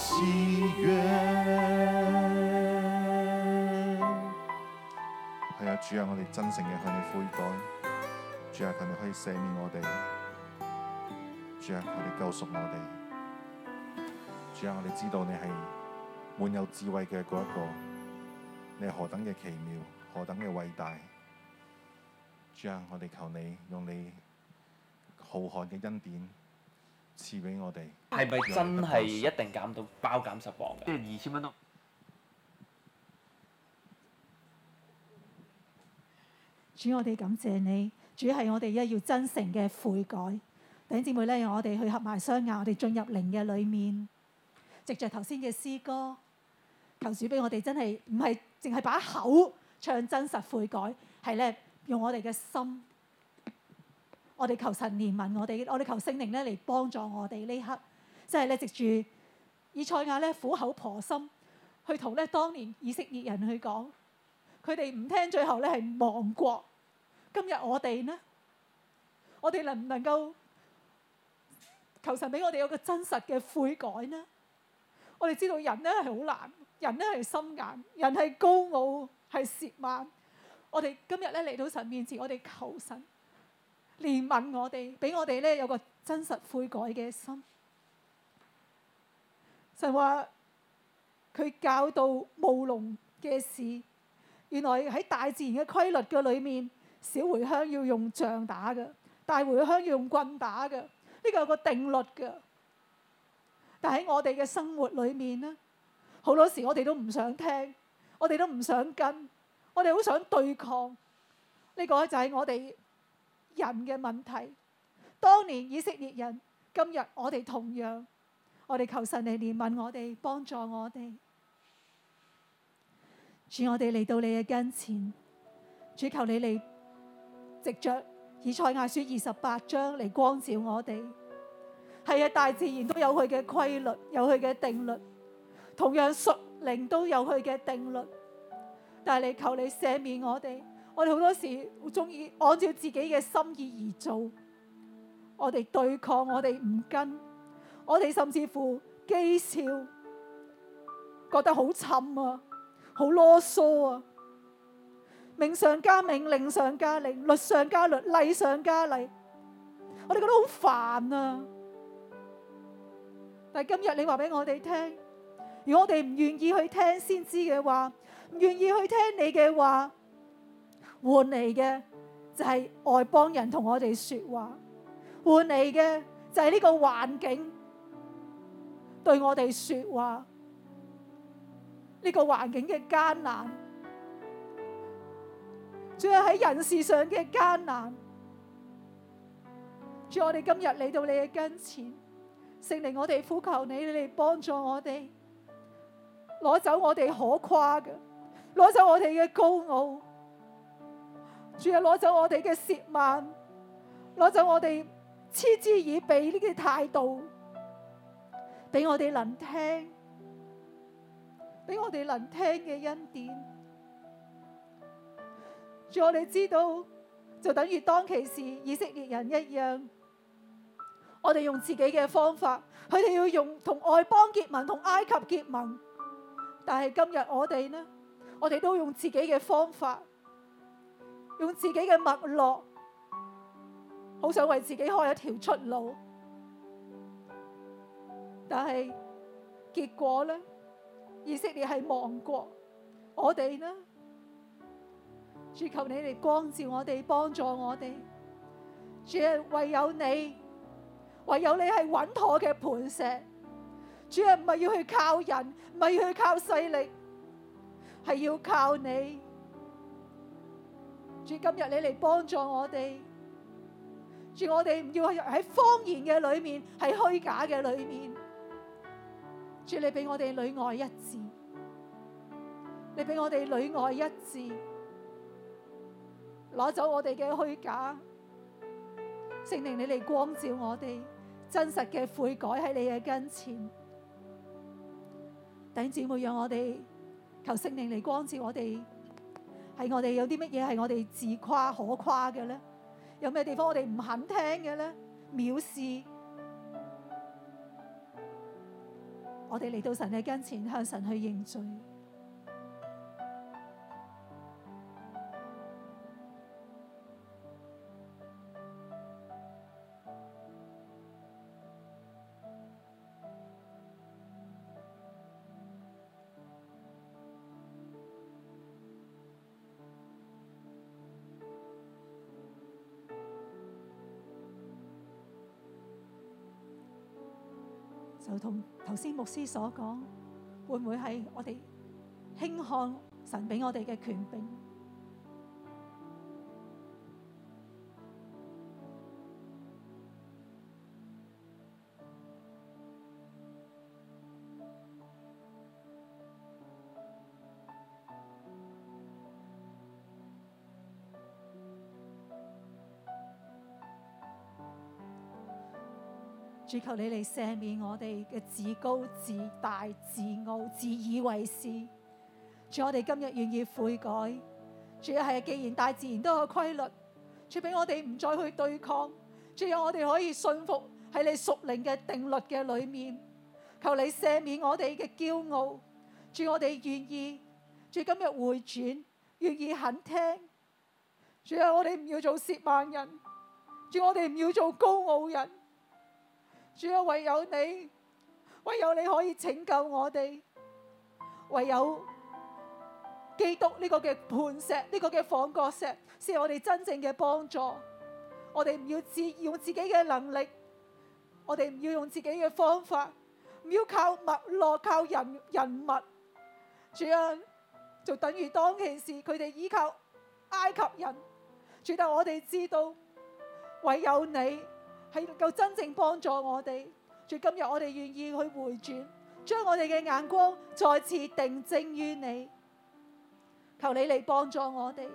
是耶，係啊主啊，我哋真誠嘅向你悔改，主啊求你可以赦免我哋，主啊求你救贖我哋，主啊我哋知道你係滿有智慧嘅嗰一個，你係何等嘅奇妙，何等嘅偉大，主啊我哋求你用你浩瀚嘅恩典。賜俾我哋，係咪真係一定減到包減十磅？即係二千蚊咯。主，我哋感謝你。主係我哋一要真誠嘅悔改，弟兄姊妹咧，我哋去合埋雙眼，我哋進入靈嘅裏面，藉着頭先嘅詩歌，求主俾我哋真係唔係淨係把口唱，真實悔改，係咧用我哋嘅心。我哋求神憐憫我哋，我哋求聖靈咧嚟幫助我哋呢刻，即係咧藉住以賽亞咧苦口婆心去同咧當年以色列人去講，佢哋唔聽，最後咧係亡國。今日我哋呢，我哋能唔能夠求神俾我哋有個真實嘅悔改呢？我哋知道人咧係好難，人咧係心硬，人係高傲，係褻慢。我哋今日咧嚟到神面前，我哋求神。憐憫我哋，俾我哋咧有個真實悔改嘅心，就係話佢教導務農嘅事，原來喺大自然嘅規律嘅裏面，小茴香要用杖打嘅，大茴香要用棍打嘅，呢個有個定律嘅。但喺我哋嘅生活裏面咧，好多時我哋都唔想聽，我哋都唔想跟，我哋好想對抗。呢個就係我哋人嘅問題，當年以色列人，今日我哋同樣，我哋求神嚟憐憫我哋，幫助我哋。主，我哋嚟到你嘅跟前，主求你嚟藉着以賽亞書二十八章嚟光照我哋。係啊，大自然都有佢嘅規律，有佢嘅定律，同樣屬靈都有佢嘅定律。但係你求你赦免我哋。我哋好多時好中意按照自己嘅心意而做，我哋對抗，我哋唔跟，我哋甚至乎譏笑，覺得好慘啊，好囉嗦啊，命上加命，令上加令，律上加律，例上加例，我哋覺得好煩啊！但係今日你話俾我哋聽，如果我哋唔願意去聽先知嘅話，唔願意去聽你嘅話。換嚟嘅就係外邦人同我哋說話，換嚟嘅就係呢個環境對我哋說話，呢、這個環境嘅艱難，仲有喺人事上嘅艱難。主，我哋今日嚟到你嘅跟前，聖靈，我哋呼求你，你幫助我哋攞走我哋可誇嘅，攞走我哋嘅高傲。仲有攞走我哋嘅舌慢，攞走我哋嗤之以鼻呢嘅態度，俾我哋能聽，俾我哋能聽嘅恩典。仲有我哋知道，就等於當其時以色列人一樣，我哋用自己嘅方法，佢哋要用同外邦結盟，同埃及結盟。但係今日我哋呢，我哋都用自己嘅方法。用自己嘅脈絡，好想為自己開一條出路，但係結果咧，以色列係亡國，我哋呢？只求你哋光照我哋，幫助我哋。主啊，唯有你，唯有你係穩妥嘅磐石。主啊，唔係要去靠人，唔係要去靠勢力，係要靠你。主今日你嚟幫助我哋，主，我哋唔要喺謊言嘅裏面，係虛假嘅裏面。主，你俾我哋裏外一致，你俾我哋裏外一致，攞走我哋嘅虛假，聖靈你嚟光照我哋真實嘅悔改喺你嘅跟前。弟兄姊妹，讓我哋求聖靈嚟光照我哋。係我哋有啲乜嘢係我哋自誇可誇嘅呢？有咩地方我哋唔肯聽嘅呢？藐視，我哋嚟到神嘅跟前，向神去認罪。就同頭先牧師所講，會唔會係我哋輕看神俾我哋嘅權柄？求你嚟赦免我哋嘅自高自大、自傲、自以為是。主我哋今日願意悔改。主係既然大自然都有規律，主俾我哋唔再去對抗。主讓我哋可以信服喺你屬靈嘅定律嘅裏面。求你赦免我哋嘅驕傲。主我哋願意。主今日回轉，願意肯聽。主係我哋唔要做褻慢人。主我哋唔要做高傲人。主啊，唯有你，唯有你可以拯救我哋。唯有基督呢個嘅磐石，呢個嘅房角石，先係我哋真正嘅幫助。我哋唔要自用自己嘅能力，我哋唔要用自己嘅方法，唔要靠物，落靠人，人物。主啊，就等於當其時佢哋依靠埃及人。主啊，我哋知道唯有你。係夠真正幫助我哋，就今日我哋願意去回轉，將我哋嘅眼光再次定睛於你，求你嚟幫助我哋。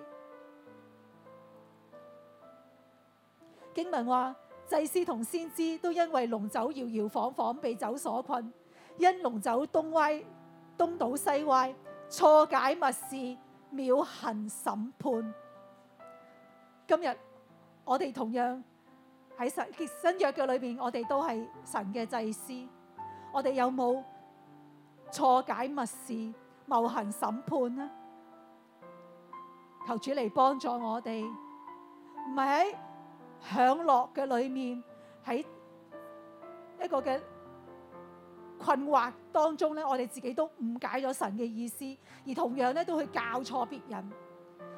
經文話，祭司同先知都因為濃酒搖搖晃晃，被酒所困，因濃酒東歪東倒西歪，錯解默示，謬行審判。今日我哋同樣。喺神新約嘅裏面，我哋都係神嘅祭司，我哋有冇錯解默示、謬行審判呢？求主嚟幫助我哋，唔係喺享樂嘅裏面，喺一個嘅困惑當中咧，我哋自己都誤解咗神嘅意思，而同樣咧都去教錯別人，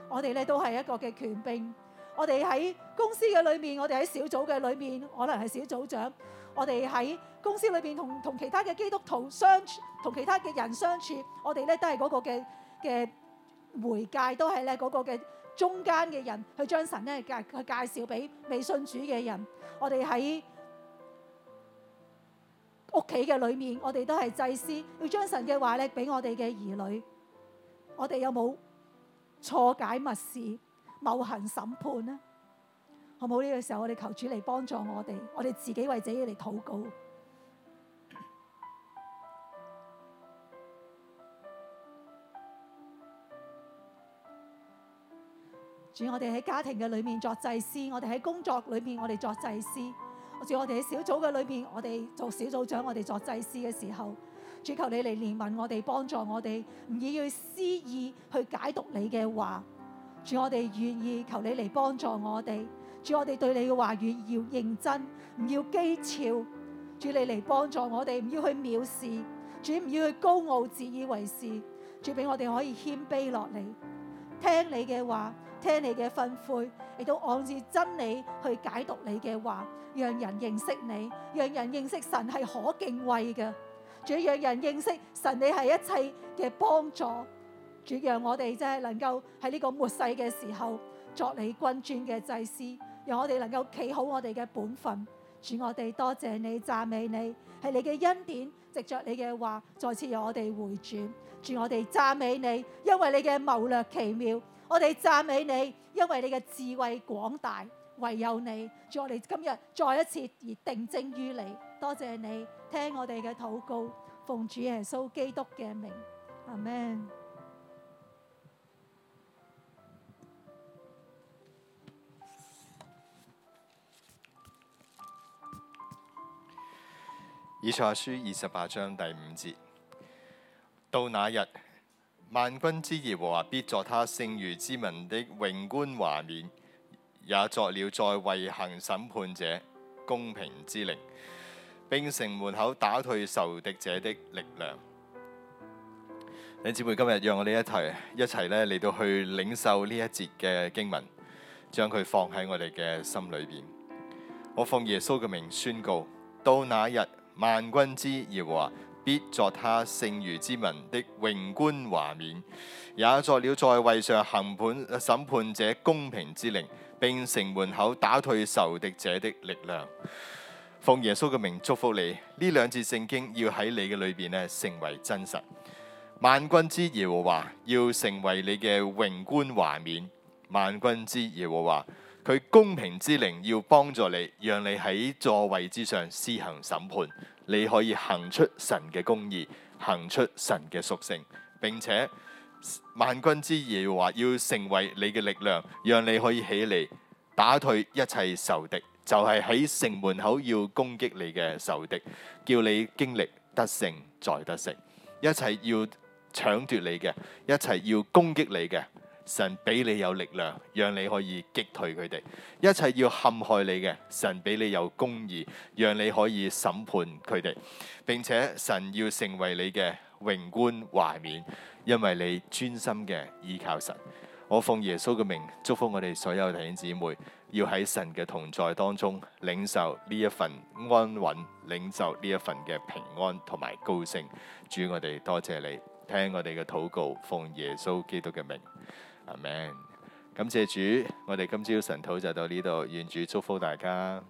我哋咧都係一個嘅權柄。我哋喺公司嘅裏面，我哋喺小組嘅裏面，可能係小組長。我哋喺公司裏面同同其他嘅基督徒相處，同其他嘅人相處，我哋呢都係嗰個嘅嘅媒介，都係呢嗰個嘅中間嘅人去將神呢介去介紹俾未信主嘅人。我哋喺屋企嘅裏面，我哋都係祭司，要將神嘅話呢俾我哋嘅兒女。我哋有冇錯解密事？謬行審判咧，好冇呢個時候，我哋求主嚟幫助我哋，我哋自己為自己嚟禱告。主，我哋喺家庭嘅裏面作祭司，我哋喺工作裏面我哋作祭司。主我，我哋喺小組嘅裏面我哋做小組長，我哋作祭司嘅時候，主求你嚟憐憫我哋，幫助我哋，唔要去私意去解讀你嘅話。主我哋願意求你嚟幫助我哋，主我哋對你嘅話語要認真，唔要譏誚。主你嚟幫助我哋，唔要去藐視，主唔要去高傲自以為是。主俾我哋可以謙卑落嚟，聽你嘅話，聽你嘅吩咐，亦都按住真理去解讀你嘅話，讓人認識你，讓人認識神係可敬畏嘅。主要讓人認識神，你係一切嘅幫助。主讓我哋即係能夠喺呢個末世嘅時候作你君尊嘅祭司，讓我哋能夠企好我哋嘅本分。主我哋多謝你讚美你，係你嘅恩典，藉着你嘅話再次讓我哋回轉。主我哋讚美你，因為你嘅謀略奇妙，我哋讚美你，因為你嘅智慧廣大。唯有你，祝我哋今日再一次而定睛於你。多謝你聽我哋嘅禱告，奉主耶穌基督嘅名，阿門。以賽亞書二十八章第五節：到那日，萬軍之耶和華必作他剩餘之民的榮冠華冕，也作了在位行審判者公平之靈，並城門口打退仇敵者的力量。弟兄姊妹，今日讓我哋一齊一齊咧嚟到去領受呢一節嘅經文，將佢放喺我哋嘅心裏邊。我奉耶穌嘅名宣告：到那日。萬軍之耶和華必作他剩餘之民的榮冠華冕，也作了在位上行判審判者公平之靈，並城門口打退仇敵者的力量。奉耶穌嘅名祝福你，呢兩節聖經要喺你嘅裏邊咧成為真實。萬軍之耶和華要成為你嘅榮冠華冕。萬軍之耶和華。佢公平之靈要幫助你，讓你喺座位之上施行審判。你可以行出神嘅公義，行出神嘅屬性，並且萬軍之耶和華要成為你嘅力量，讓你可以起嚟打退一切仇敵。就係、是、喺城門口要攻擊你嘅仇敵，叫你經歷得勝再得勝。一切要搶奪你嘅，一切要攻擊你嘅。神俾你有力量，讓你可以擊退佢哋；一切要陷害你嘅，神俾你有公義，讓你可以審判佢哋。並且神要成為你嘅榮冠華冕，因為你專心嘅依靠神。我奉耶穌嘅名祝福我哋所有弟兄姊妹，要喺神嘅同在當中領受呢一份安穩，領受呢一份嘅平安同埋高升。主，我哋多謝你，聽我哋嘅禱告，奉耶穌基督嘅名。阿門，感謝主，我哋今朝晨禱就到呢度，願主祝福大家。